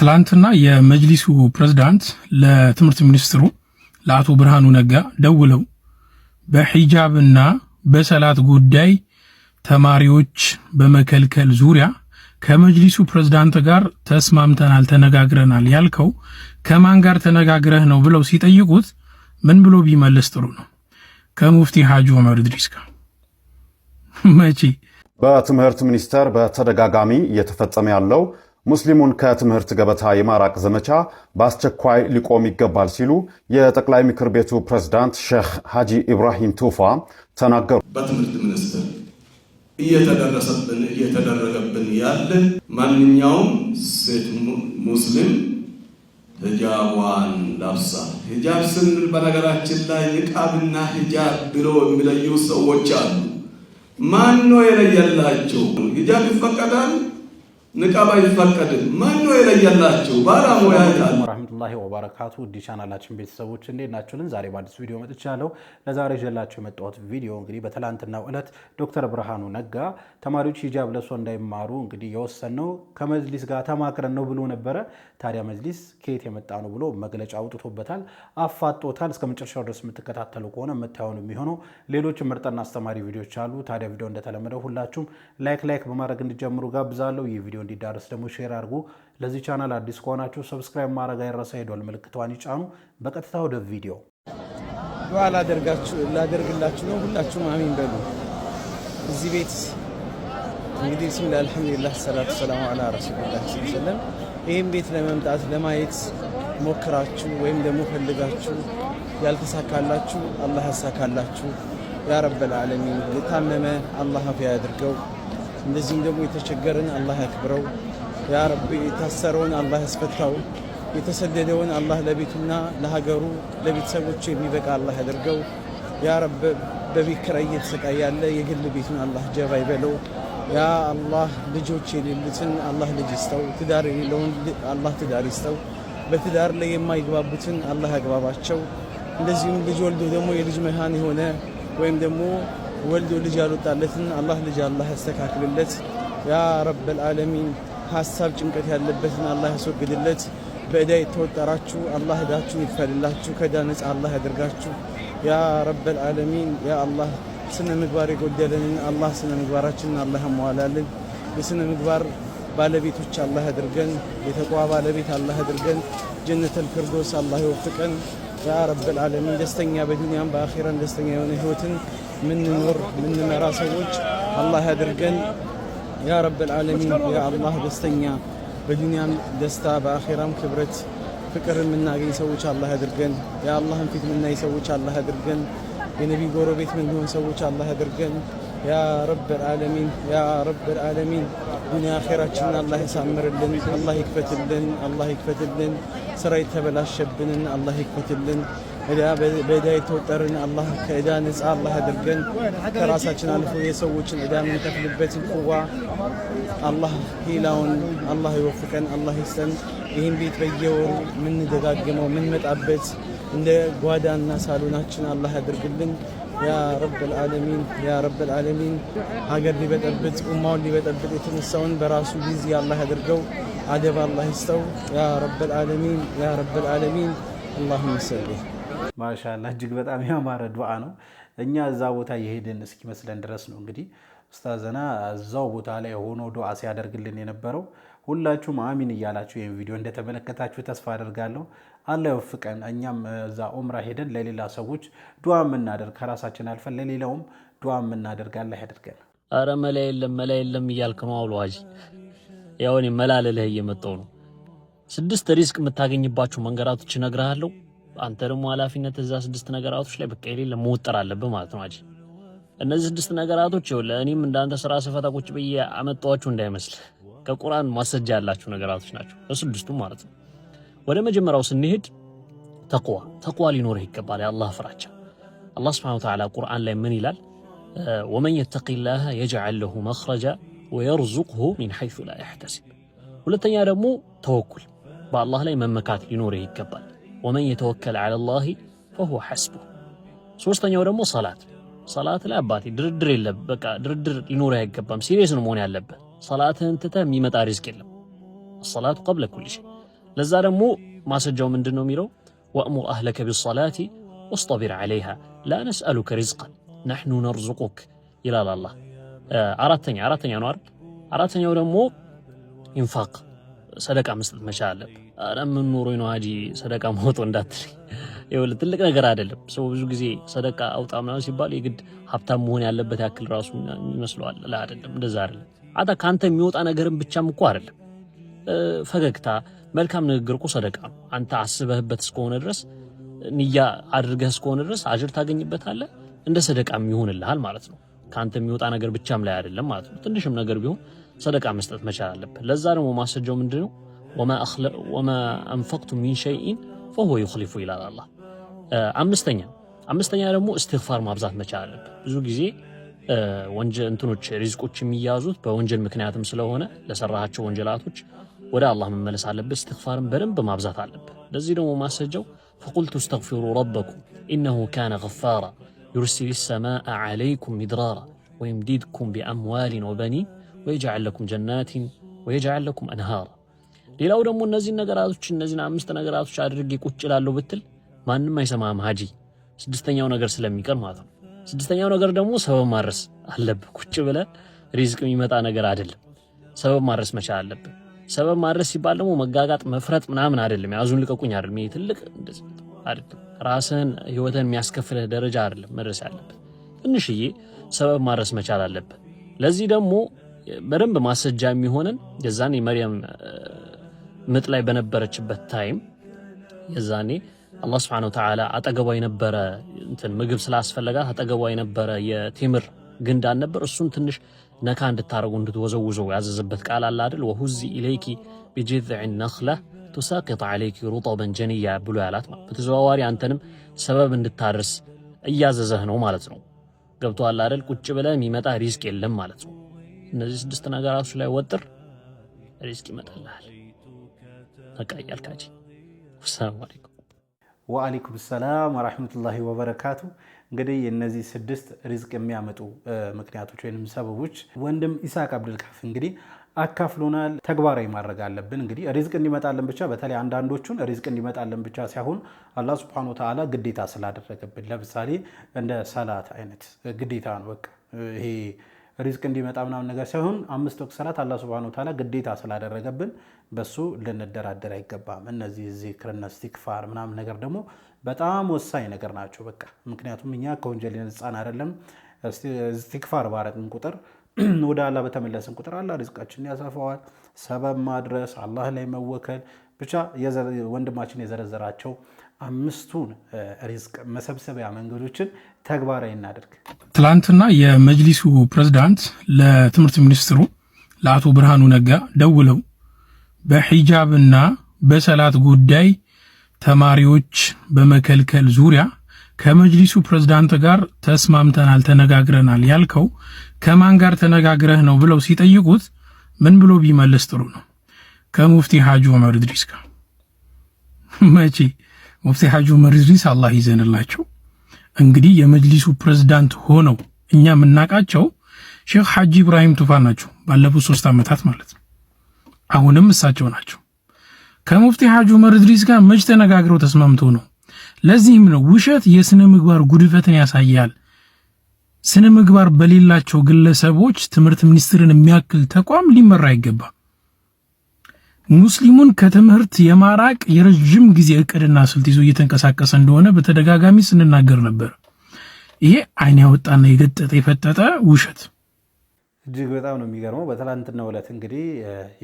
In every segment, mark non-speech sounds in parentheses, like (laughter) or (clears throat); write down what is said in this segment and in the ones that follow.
ትላንትና የመጅሊሱ ፕሬዝዳንት ለትምህርት ሚኒስትሩ ለአቶ ብርሃኑ ነጋ ደውለው በሒጃብና በሰላት ጉዳይ ተማሪዎች በመከልከል ዙሪያ ከመጅሊሱ ፕሬዝዳንት ጋር ተስማምተናል፣ ተነጋግረናል ያልከው ከማን ጋር ተነጋግረህ ነው ብለው ሲጠይቁት ምን ብሎ ቢመለስ ጥሩ ነው? ከሙፍቲ ሐጂ ዑመር ኢድሪስ ጋር መቼ በትምህርት ሚኒስቴር በተደጋጋሚ እየተፈጸመ ያለው ሙስሊሙን ከትምህርት ገበታ የማራቅ ዘመቻ በአስቸኳይ ሊቆም ይገባል ሲሉ የጠቅላይ ምክር ቤቱ ፕሬዝዳንት ሼክ ሀጂ ኢብራሂም ቱፋ ተናገሩ። በትምህርት ምንስትር እየተደረሰብን እየተደረገብን ያለ ማንኛውም ሴት ሙስሊም ሂጃቧን ለብሳ ሂጃብ ስንል በነገራችን ላይ ንቃብና ሂጃብ ብለው የሚለዩ ሰዎች አሉ። ማን ነው የለየላቸው? ሂጃብ ይፈቀዳል ንቃብ አይፈቀድም። ማን ነው የለየላችሁ? ባለሙያ ይላል። ረህመቱላሂ ወበረካቱ ዲ ቻናላችን ቤተሰቦች እንዴት ናችሁልን? ዛሬ በአዲስ ቪዲዮ መጥቻለሁ። ለዛሬ ይዤላችሁ የመጣሁት ቪዲዮ እንግዲህ በትላንትናው ዕለት ዶክተር ብርሃኑ ነጋ ተማሪዎች ሂጃብ ለብሰው እንዳይማሩ እንግዲህ የወሰንነው ከመጅሊስ ጋር ተማክረን ነው ብሎ ነበረ። ታዲያ መጅሊስ ከየት የመጣ ነው ብሎ መግለጫ አውጥቶበታል፣ አፋጦታል። እስከ መጨረሻው ድረስ የምትከታተሉ ከሆነ የምታየውን የሚሆነው ሌሎች ምርጥና አስተማሪ ቪዲዮች አሉ። ታዲያ ቪዲዮ እንደተለመደው ሁላችሁም ላይክ ላይክ በማድረግ እንዲጀምሩ ጋብዛለሁ። ይህ ቪዲዮ እንዲዳረስ ደግሞ ሼር አድርጉ። ለዚህ ቻናል አዲስ ከሆናችሁ ሰብስክራይብ ማድረግ አይረሳ። ሄዷል ምልክቷን ይጫኑ። በቀጥታ ወደ ቪዲዮ ዱዓ ላደርግላችሁ ነው። ሁላችሁም አሚን በሉ። እዚህ ቤት እንግዲህ ብስሚላ አልሐምዱሊላህ ሰላቱ ሰላሙ አላ ረሱሉላህ ስለም ይህም ቤት ለመምጣት ለማየት ሞክራችሁ ወይም ደግሞ ፈልጋችሁ ያልተሳካላችሁ አላህ ያሳካላችሁ ያ ረበል ዓለሚን። የታመመ አላህ አፍያ ያድርገው፣ እንደዚሁም ደግሞ የተቸገረን አላህ ያክብረው ያ ረቢ። የታሰረውን አላህ ያስፈታው፣ የተሰደደውን አላህ ለቤቱና ለሀገሩ ለቤተሰቦቹ የሚበቃ አላህ ያድርገው ያ ረብ። በቤት እየተሰቃየ ያለ የግል ቤቱን አላህ ጀባ ይበለው። ያ አላህ ልጆች የሌሉትን አላህ ልጅ ይስጠው። ትዳር የሌለውን አላህ ትዳር ይስጠው። በትዳር ላይ የማይግባቡትን አላህ ያግባባቸው። እንደዚሁም ልጅ ወልዶ ደግሞ የልጅ መሃን የሆነ ወይም ደግሞ ወልዶ ልጅ ያልወጣለትን አላህ ልጅ አላህ ያስተካክልለት። ያ ረበል ዓለሚን ሀሳብ ጭንቀት ያለበትን አላህ ያስወግድለት። በእዳ የተወጠራችሁ አላህ እዳችሁ ይፈልላችሁ። ከዳ ነፃ አላህ ያደርጋችሁ። ያ ረበል ዓለሚን ያ አላህ ስነ ምግባር የጎደለንን አላህ ስነ ምግባራችንን አላህ ያሟላልን። የስነ ምግባር ባለቤቶች አላህ አድርገን፣ የተቋዋ ባለቤት አላህ አድርገን፣ ጀነተል ፊርዶስ አላህ ይወፍቀን። ያ ረብል ዓለሚን ደስተኛ በዱንያም በአኼራን ደስተኛ የሆነ ህይወትን ምንኖር ምንመራ ሰዎች አላህ ያድርገን። ያ ረብል ዓለሚን ያ ደስተኛ በዱንያም ደስታ በአኼራም ክብረት ፍቅር የምናገኝ ሰዎች አላህ ያድርገን። የአላህን ፊት የምናይ ሰዎች አላህ ያድርገን። የነቢ ጎረቤት የሚሆን ሰዎች አላህ አድርገን ያ ረብል ዓለሚን ያ ረብል ዓለሚን ዱንያ አኼራችንን አላህ ያሳምርልን፣ አላህ ይክፈትልን፣ አላህ ይክፈትልን። ስራ የተበላሸብንን አላህ ይክፈትልን። እዳ በእዳ የተወጠርን አላህ ከእዳ ነጻ አላህ ያድርገን። ከራሳችን አልፎ የሰዎችን እዳ የምንከፍልበትን ቁዋ አላህ ሂላውን አላህ ይወፍቀን፣ አላህ ይስጠን። ይህን ቤት በየወሩ የምንደጋግመው የምንመጣበት። እንደ ጓዳና ሳሎናችን አላህ ያድርግልን። ያ ረብ ዓለሚን ያ ረብ ዓለሚን። ሀገር ሊበጠብጥ ኡማውን ሊበጠብጥ የተነሳውን በራሱ ጊዜ አላህ ያድርገው። አደብ አላህ ይስጠው። ያ ረብ አልዓለሚን ያ ረብ አልዓለሚን አላሁመ ሰሊ ማሻላ። እጅግ በጣም ያማረ ዱዓ ነው። እኛ እዛ ቦታ የሄድን እስኪመስለን ድረስ ነው እንግዲህ ኡስታዘና እዛው ቦታ ላይ ሆኖ ዱዓ ሲያደርግልን የነበረው። ሁላችሁም አሚን እያላችሁ ይህን ቪዲዮ እንደተመለከታችሁ ተስፋ አደርጋለሁ። አላ ይወፍቀን። እኛም እዛ ኡምራ ሄደን ለሌላ ሰዎች ዱዓ የምናደርግ ከራሳችን አልፈን ለሌላውም ዱዓ የምናደርግ አላ ያደርገን። አረ መላ የለም መላ የለም እያልክ ነው አሉ ሀጂ። ያው እኔ እየመጣሁ ነው። ስድስት ሪስክ የምታገኝባቸው መንገራቶች እነግርሃለሁ። አንተ ደግሞ ኃላፊነት እዛ ስድስት ነገራቶች ላይ በቃ የሌለ መወጠር አለብህ ማለት ነው ሀጂ። እነዚህ ስድስት ነገራቶች ይኸው ለእኔም እንዳንተ ስራ ስፈታ ቁጭ ብዬ አመጣኋችሁ እንዳይመስልህ ከቁርአን ማስረጃ ያላቸው ነገራቶች ናቸው፣ ለስድስቱም ማለት ነው። ወደ መጀመሪያው ስንሄድ ተቅዋ ተቅዋ ሊኖርህ ይገባል። የአላህ ፍራቻ አላህ ስብሐነ ወተዓላ ቁርአን ላይ ምን ይላል? ወመን የተቂላህ የጅዓል ለሁ መኽረጃ ወየርዙቅሁ ሚን ሐይሱ ላ ያሕተሲብ። ሁለተኛ ደግሞ ተወኩል በአላህ ላይ መመካት ሊኖርህ ይገባል። ወመን የተወከል ዐለላሂ ፈሁወ ሐስቡህ። ሶስተኛው ደግሞ ሰላት ሰላት ላይ አባቴ ድርድር የለም። በቃ ድርድር ሊኖር አይገባም። ሲሪየስ ነው መሆን ያለበት። ሰላትህን ትተህ የሚመጣ ሪዝቅ የለም። ሰላቱ ቀብለ ኩል ሸይ ለዛ ደግሞ ማስረጃው ምንድን ነው የሚለው ወእሙር አህለከ ቢሰላቲ ወስጠቢር ዓለይሃ ላ ነስአሉከ ሪዝቀን ናሕኑ ነርዙቁክ ይላል አላህ። አራተኛ አራተኛ ነው አይደል? አራተኛው ደግሞ ኢንፋቅ ሰደቃ መስጠት መቻል አለብህ። ኧረ ምን ኖሮኝ ነው ሀጂ ሰደቃ ማውጦ እንዳትል፣ ይኸውልህ ትልቅ ነገር አይደለም። ሰው ብዙ ጊዜ ሰደቃ አውጣ ምናምን ሲባል የግድ ሀብታም መሆን ያለበት ያክል ራሱ ይመስለዋል። ላ አይደለም፣ እንደዛ አይደለም። አታ ከአንተ የሚወጣ ነገርን ብቻም እኮ አይደለም ፈገግታ መልካም ንግግር እኮ ሰደቃ ነው። አንተ አስበህበት እስከሆነ ድረስ ንያ አድርገህ እስከሆነ ድረስ አጅር ታገኝበታለህ። እንደ ሰደቃም ይሆንልሃል ማለት ነው። ከአንተ የሚወጣ ነገር ብቻም ላይ አይደለም ማለት ነው። ትንሽም ነገር ቢሆን ሰደቃ መስጠት መቻል አለብህ። ለዛ ደግሞ ማስረጃው ምንድን ነው? ወማ አንፈቅቱ ሚን ሸይኢን ፈሁወ ዩኽሊፉ ይላል አላህ። አምስተኛ አምስተኛ ደግሞ እስትግፋር ማብዛት መቻል አለብህ። ብዙ ጊዜ ወንጀል እንትኖች ሪዝቆች የሚያዙት በወንጀል ምክንያትም ስለሆነ ለሰራሃቸው ወንጀላቶች ወደ አላህ መመለስ አለብህ። እስትግፋርን በደንብ ማብዛት አለብህ። ለዚህ ደግሞ ማስረጃው ፈቁልቱ እስተግፊሩ ረበኩም ኢነሁ ካነ ገፋራ ዩርሲል ሰማአ ዓለይኩም ሚድራራ ወይምዲድኩም ቢአምዋሊን ወበኒን ወየጅዓል ለኩም ጀናቲን ወየጅዓል ለኩም አንሃራ። ሌላው ደግሞ እነዚህን ነገራቶች እነዚህን አምስት ነገራቶች አድርጌ ቁጭ እላለሁ ብትል ማንም አይሰማም ሀጂ። ስድስተኛው ነገር ስለሚቀር ማለት ነው። ስድስተኛው ነገር ደግሞ ሰበብ ማድረስ አለብህ። ቁጭ ብለህ ሪዝቅ የሚመጣ ነገር አይደለም። ሰበብ ማድረስ መቻል አለብህ። ሰበብ ማድረስ ሲባል ደግሞ መጋጋጥ፣ መፍረጥ ምናምን አይደለም። ያዙን ልቀቁኝ አይደለም። ይሄ ትልቅ አይደለም። ህይወትን የሚያስከፍልህ ደረጃ አይደለም መድረስ ያለብህ። ትንሽዬ ሰበብ ማድረስ መቻል አለብህ። ለዚህ ደግሞ በደንብ ማስረጃ የሚሆንን የዛኔ የመርያም ምጥ ላይ በነበረችበት ታይም የዛኔ አላህ ስብሐነ ወተዓላ አጠገቧ የነበረ እንትን ምግብ ስላስፈለጋት አጠገቧ የነበረ የቴምር ግንዳን ነበር። እሱን ትንሽ ነካ እንድታረጉ እንድትወዘውዘው ያዘዘበት ቃል አለ አይደል? ወሁዚ ኢለይኪ ቢጅዝዕ ነኽላ ቱሳቅጥ ዓለይኪ ሩጠበን ጀንያ ብሎ ያላት በተዘዋዋሪ አንተንም ሰበብ እንድታደርስ እያዘዘህ ነው ማለት ነው። ገብቶሃል አይደል? ቁጭ ብለህ የሚመጣ ሪዝቅ የለም ማለት ነው። እነዚህ ስድስት ነገራቶች ላይ ወጥር ሪዝቅ ይመጣልሃል። በቃ እያልካች ሰላም አለይኩም ወአለይኩም ሰላም ወረሕመቱላሂ ወበረካቱ እንግዲህ የነዚህ ስድስት ሪዝቅ የሚያመጡ ምክንያቶች ወይም ሰበቦች ወንድም ኢስሐቅ አብድልካፍ እንግዲህ አካፍሎናል። ተግባራዊ ማድረግ አለብን። እንግዲህ ሪዝቅ እንዲመጣለን ብቻ በተለይ አንዳንዶቹን ሪዝቅ እንዲመጣለን ብቻ ሳይሆን አላህ ሱብሐነሁ ወተዓላ ግዴታ ስላደረገብን፣ ለምሳሌ እንደ ሰላት አይነት ግዴታ ነው። በቃ ይሄ ሪዝቅ እንዲመጣ ምናምን ነገር ሳይሆን አምስት ወቅት ሰላት አላህ ሱብሃነሁ ወተዓላ ግዴታ ስላደረገብን በሱ ልንደራደር አይገባም። እነዚህ ዚክርና ስቲክፋር ምናምን ነገር ደግሞ በጣም ወሳኝ ነገር ናቸው። በቃ ምክንያቱም እኛ ከወንጀል ነፃን አይደለም። ስቲክፋር ባረግን ቁጥር (clears throat) ወደ አላህ በተመለስን ቁጥር አላህ ሪዝቃችን ያሰፋዋል። ሰበብ ማድረስ፣ አላህ ላይ መወከል ብቻ ወንድማችን የዘረዘራቸው አምስቱን ሪዝቅ መሰብሰቢያ መንገዶችን ተግባራዊ እናደርግ። ትላንትና የመጅሊሱ ፕሬዝዳንት ለትምህርት ሚኒስትሩ ለአቶ ብርሃኑ ነጋ ደውለው በሒጃብና በሰላት ጉዳይ ተማሪዎች በመከልከል ዙሪያ ከመጅሊሱ ፕሬዝዳንት ጋር ተስማምተናል፣ ተነጋግረናል ያልከው ከማን ጋር ተነጋግረህ ነው ብለው ሲጠይቁት ምን ብሎ ቢመልስ ጥሩ ነው? ከሙፍቲ ሐጂ ዑመር ኢድሪስ ጋር መቼ ሙፍቲ ሐጂ ዑመር ኢድሪስ አላህ ይዘንላቸው። እንግዲህ የመጅሊሱ ፕሬዝዳንት ሆነው እኛ የምናቃቸው ሼክ ሐጂ ኢብራሂም ቱፋ ናቸው፣ ባለፉት ሶስት ዓመታት ማለት ነው። አሁንም እሳቸው ናቸው። ከሙፍቲ ሐጂ ዑመር ኢድሪስ ጋር መች ተነጋግረው ተስማምቶ ነው። ለዚህም ነው ውሸት የስነ ምግባር ጉድፈትን ያሳያል። ስነ ምግባር በሌላቸው ግለሰቦች ትምህርት ሚኒስትርን የሚያክል ተቋም ሊመራ አይገባም። ሙስሊሙን ከትምህርት የማራቅ የረዥም ጊዜ እቅድና ስልት ይዞ እየተንቀሳቀሰ እንደሆነ በተደጋጋሚ ስንናገር ነበር። ይሄ አይን ያወጣና የገጠጠ የፈጠጠ ውሸት እጅግ በጣም ነው የሚገርመው። በትላንትናው ዕለት እንግዲህ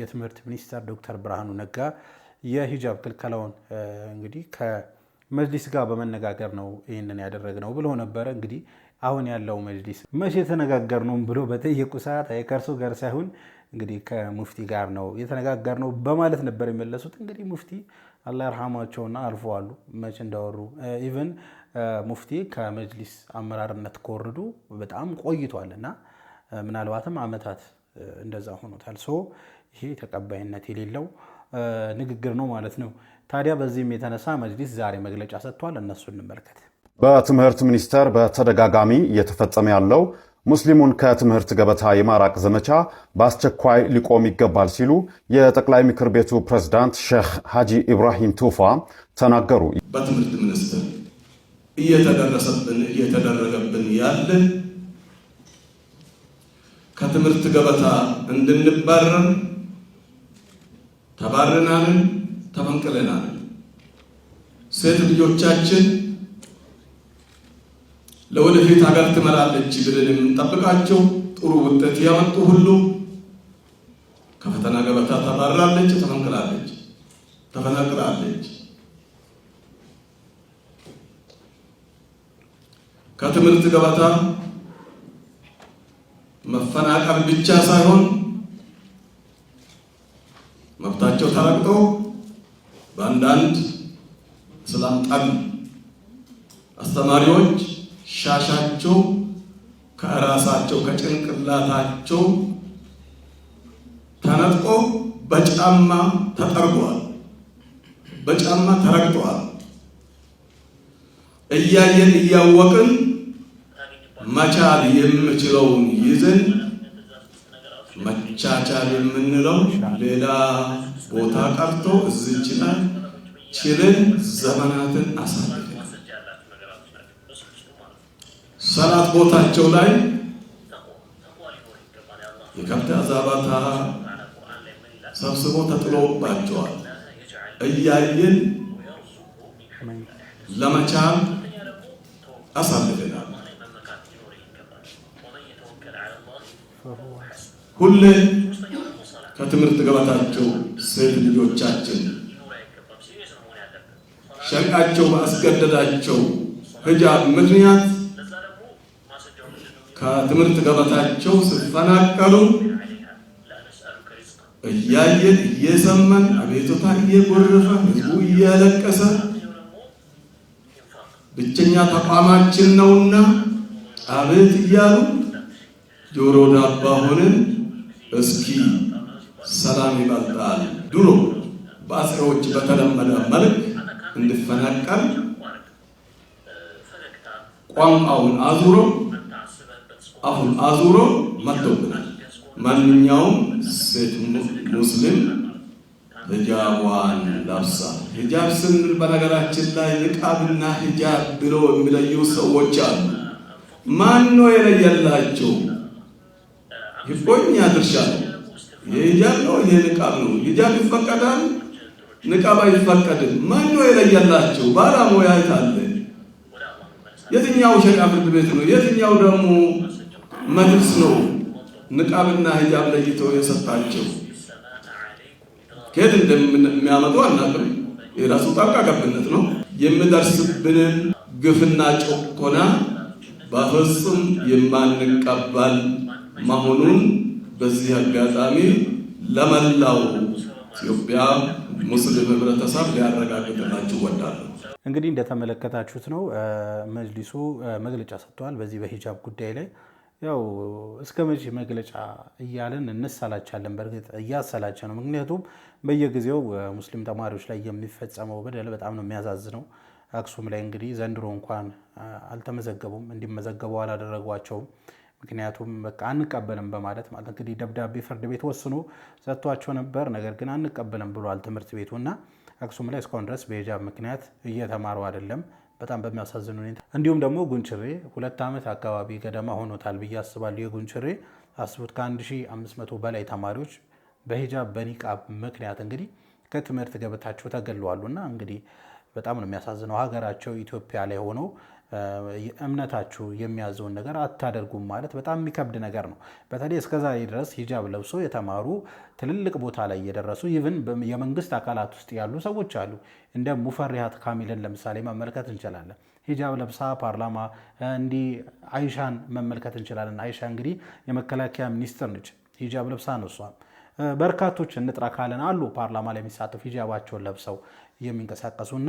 የትምህርት ሚኒስትር ዶክተር ብርሃኑ ነጋ የሂጃብ ክልከላውን እንግዲህ ከመጅሊስ ጋር በመነጋገር ነው ይህንን ያደረግነው ብሎ ነበረ። እንግዲህ አሁን ያለው መጅሊስ መቼ የተነጋገር ነው ብሎ በጠየቁ ሰዓት ከእርሶ ጋር ሳይሆን እንግዲህ ከሙፍቲ ጋር ነው ነው በማለት ነበር የመለሱት። እንግዲህ ሙፍቲ አላህ አልፎ አሉ መች እንዳወሩ ኢቨን ሙፍቲ ከመጅሊስ አመራርነት ከወረዱ በጣም ቆይቷል እና ምናልባትም አመታት እንደዛ ሆኖታል። ሶ ይሄ ተቀባይነት የሌለው ንግግር ነው ማለት ነው። ታዲያ በዚህም የተነሳ መጅሊስ ዛሬ መግለጫ ሰጥቷል። እነሱ እንመልከት። በትምህርት ሚኒስቴር በተደጋጋሚ እየተፈጸመ ያለው ሙስሊሙን ከትምህርት ገበታ የማራቅ ዘመቻ በአስቸኳይ ሊቆም ይገባል ሲሉ የጠቅላይ ምክር ቤቱ ፕሬዝዳንት ሼህ ሀጂ ኢብራሂም ቱፋ ተናገሩ። በትምህርት ሚኒስትር እየተደረሰብን እየተደረገብን ያለን ከትምህርት ገበታ እንድንባረር ተባረናልን፣ ተፈንቅለናልን ሴት ልጆቻችን ለወደፊት ሀገር ትመራለች ብለን የምንጠብቃቸው ጥሩ ውጤት ያመጡ ሁሉ ከፈተና ገበታ ተባራለች፣ ተፈንቅላለች፣ ተፈናቅላለች። ከትምህርት ገበታ መፈናቀል ብቻ ሳይሆን መብታቸው ተረግጦ በአንዳንድ ስላምጣን አስተማሪዎች ከራሻቸው ከራሳቸው ከጭንቅላታቸው ተነጥቆ በጫማ ተጠርጓል፣ በጫማ ተረግጠዋል። እያየን እያወቅን መቻል የምችለውን ይዘን መቻቻል የምንለው ሌላ ቦታ ቀርቶ እዚህ ችልን ዘመናትን አሳልፈ ሰላት ቦታቸው ላይ የከብት አዛባታ ሰብስቦ ተጥሎባቸዋል። እያየን ለመቻል አሳልፈናል። ሁሌ ከትምህርት ገበታቸው ሴት ልጆቻችን ሸቃቸው ባስገደዳቸው ሂጃብ ምክንያት ከትምህርት ገበታቸው ሲፈናቀሉ እያየን እየሰማን አቤቱታ እየጎረፈ ህዝቡ እያለቀሰ ብቸኛ ተቋማችን ነውና አቤት እያሉ ጆሮ ዳባ ሆነን እስኪ ሰላም ይበልጣል ድሮ በአስራዎች በተለመደ መልክ እንድፈናቀል ቋንቋውን አዙረው አሁን አዙሮ መጥቶብናል። ማንኛውም ሴት ሙስሊም ሂጃቧን ለብሳ ሂጃብ ስንል በነገራችን ላይ ንቃብና ሂጃብ ብሎ የሚለዩ ሰዎች አሉ። ማን ነው የለየላቸው? ይቆኛ ድርሻ ነው። የሂጃብ ነው የንቃብ ነው። ሂጃብ ይፈቀዳል፣ ንቃብ አይፈቀድም። ማን ነው የለየላቸው? ባለሙያ የት አለ? የትኛው ሸሪዓ ፍርድ ቤት ነው? የትኛው ደግሞ መግልጽ ነው። ንቃብና ሂጃብ ለይቶ የሰጣቸው ከየት እንደሚያመጡ አናውቅም። የራሱ ጣልቃ ገብነት ነው። የምደርስብንን ግፍና ጭቆና በፍጹም የማንቀበል መሆኑን በዚህ አጋጣሚ ለመላው ኢትዮጵያ ሙስሊም ህብረተሰብ ሊያረጋግጥላችሁ እወዳለሁ። እንግዲህ እንደተመለከታችሁት ነው መጅሊሱ መግለጫ ሰጥተዋል በዚህ በሂጃብ ጉዳይ ላይ ያው እስከ መቼ መግለጫ እያለን እንሳላቻለን። በእርግጥ እያሰላቸ ነው። ምክንያቱም በየጊዜው ሙስሊም ተማሪዎች ላይ የሚፈጸመው በደል በጣም ነው የሚያሳዝነው። አክሱም ላይ እንግዲህ ዘንድሮ እንኳን አልተመዘገቡም፣ እንዲመዘገቡ አላደረጓቸውም። ምክንያቱም በቃ አንቀበልም በማለት ማለት እንግዲህ ደብዳቤ ፍርድ ቤት ወስኖ ሰጥቷቸው ነበር። ነገር ግን አንቀበልም ብሏል ትምህርት ቤቱ እና አክሱም ላይ እስካሁን ድረስ በሂጃብ ምክንያት እየተማሩ አይደለም። በጣም በሚያሳዝን ሁኔታ እንዲሁም ደግሞ ጉንችሬ ሁለት ዓመት አካባቢ ገደማ ሆኖታል ብዬ አስባለሁ። የጉንችሬ አስቡት ከ1500 በላይ ተማሪዎች በሂጃብ በኒቃብ ምክንያት እንግዲህ ከትምህርት ገበታቸው እና እንግዲህ በጣም ነው የሚያሳዝነው። ሀገራቸው ኢትዮጵያ ላይ ሆነው እምነታችሁ የሚያዘውን ነገር አታደርጉም ማለት በጣም የሚከብድ ነገር ነው። በተለይ እስከዛሬ ድረስ ሂጃብ ለብሶ የተማሩ ትልልቅ ቦታ ላይ የደረሱ ይን የመንግስት አካላት ውስጥ ያሉ ሰዎች አሉ። እንደ ሙፈሪሃት ካሚልን ለምሳሌ መመልከት እንችላለን። ሂጃብ ለብሳ ፓርላማ እንዲህ አይሻን መመልከት እንችላለን። አይሻ እንግዲህ የመከላከያ ሚኒስትር ነች። ሂጃብ ለብሳ ነው በርካቶች እንጥራ ካለን አሉ ፓርላማ ላይ የሚሳተፉ ሂጃባቸውን ለብሰው የሚንቀሳቀሱና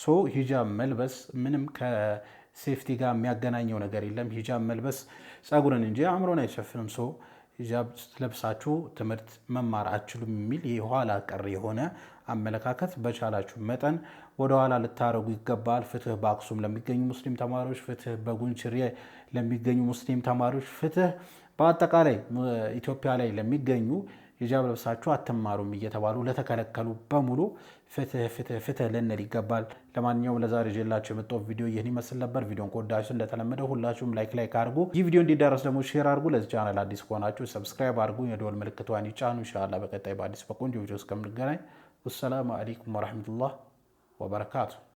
ሶ ሂጃብ መልበስ ምንም ከሴፍቲ ጋር የሚያገናኘው ነገር የለም። ሂጃብ መልበስ ጸጉርን እንጂ አእምሮን አይሸፍንም። ሶ ሂጃብ ለብሳችሁ ትምህርት መማር አችሉም የሚል የኋላ ቀር የሆነ አመለካከት በቻላችሁ መጠን ወደኋላ ልታደረጉ ይገባል። ፍትህ በአክሱም ለሚገኙ ሙስሊም ተማሪዎች፣ ፍትህ በጉንችሬ ለሚገኙ ሙስሊም ተማሪዎች፣ ፍትህ በአጠቃላይ ኢትዮጵያ ላይ ለሚገኙ ሂጃብ ለብሳችሁ አትማሩም እየተባሉ ለተከለከሉ በሙሉ ፍትህ ፍትህ ፍትህ ልንል ይገባል። ለማንኛውም ለዛሬ ጀላቸው የመጣው ቪዲዮ ይህን ይመስል ነበር። ቪዲዮን ከወዳችሁ እንደተለመደ ሁላችሁም ላይክ ላይክ አድርጉ። ይህ ቪዲዮ እንዲዳረስ ደግሞ ሼር አድርጉ። ለዚህ ቻናል አዲስ ከሆናችሁ ሰብስክራይብ አድርጉ። የደወል ምልክቷን ይጫኑ። እንሻላ በቀጣይ በአዲስ በቆንጆ ቪዲዮ እስከምንገናኝ ወሰላሙ አሌይኩም ወረሕመቱላህ ወበረካቱ።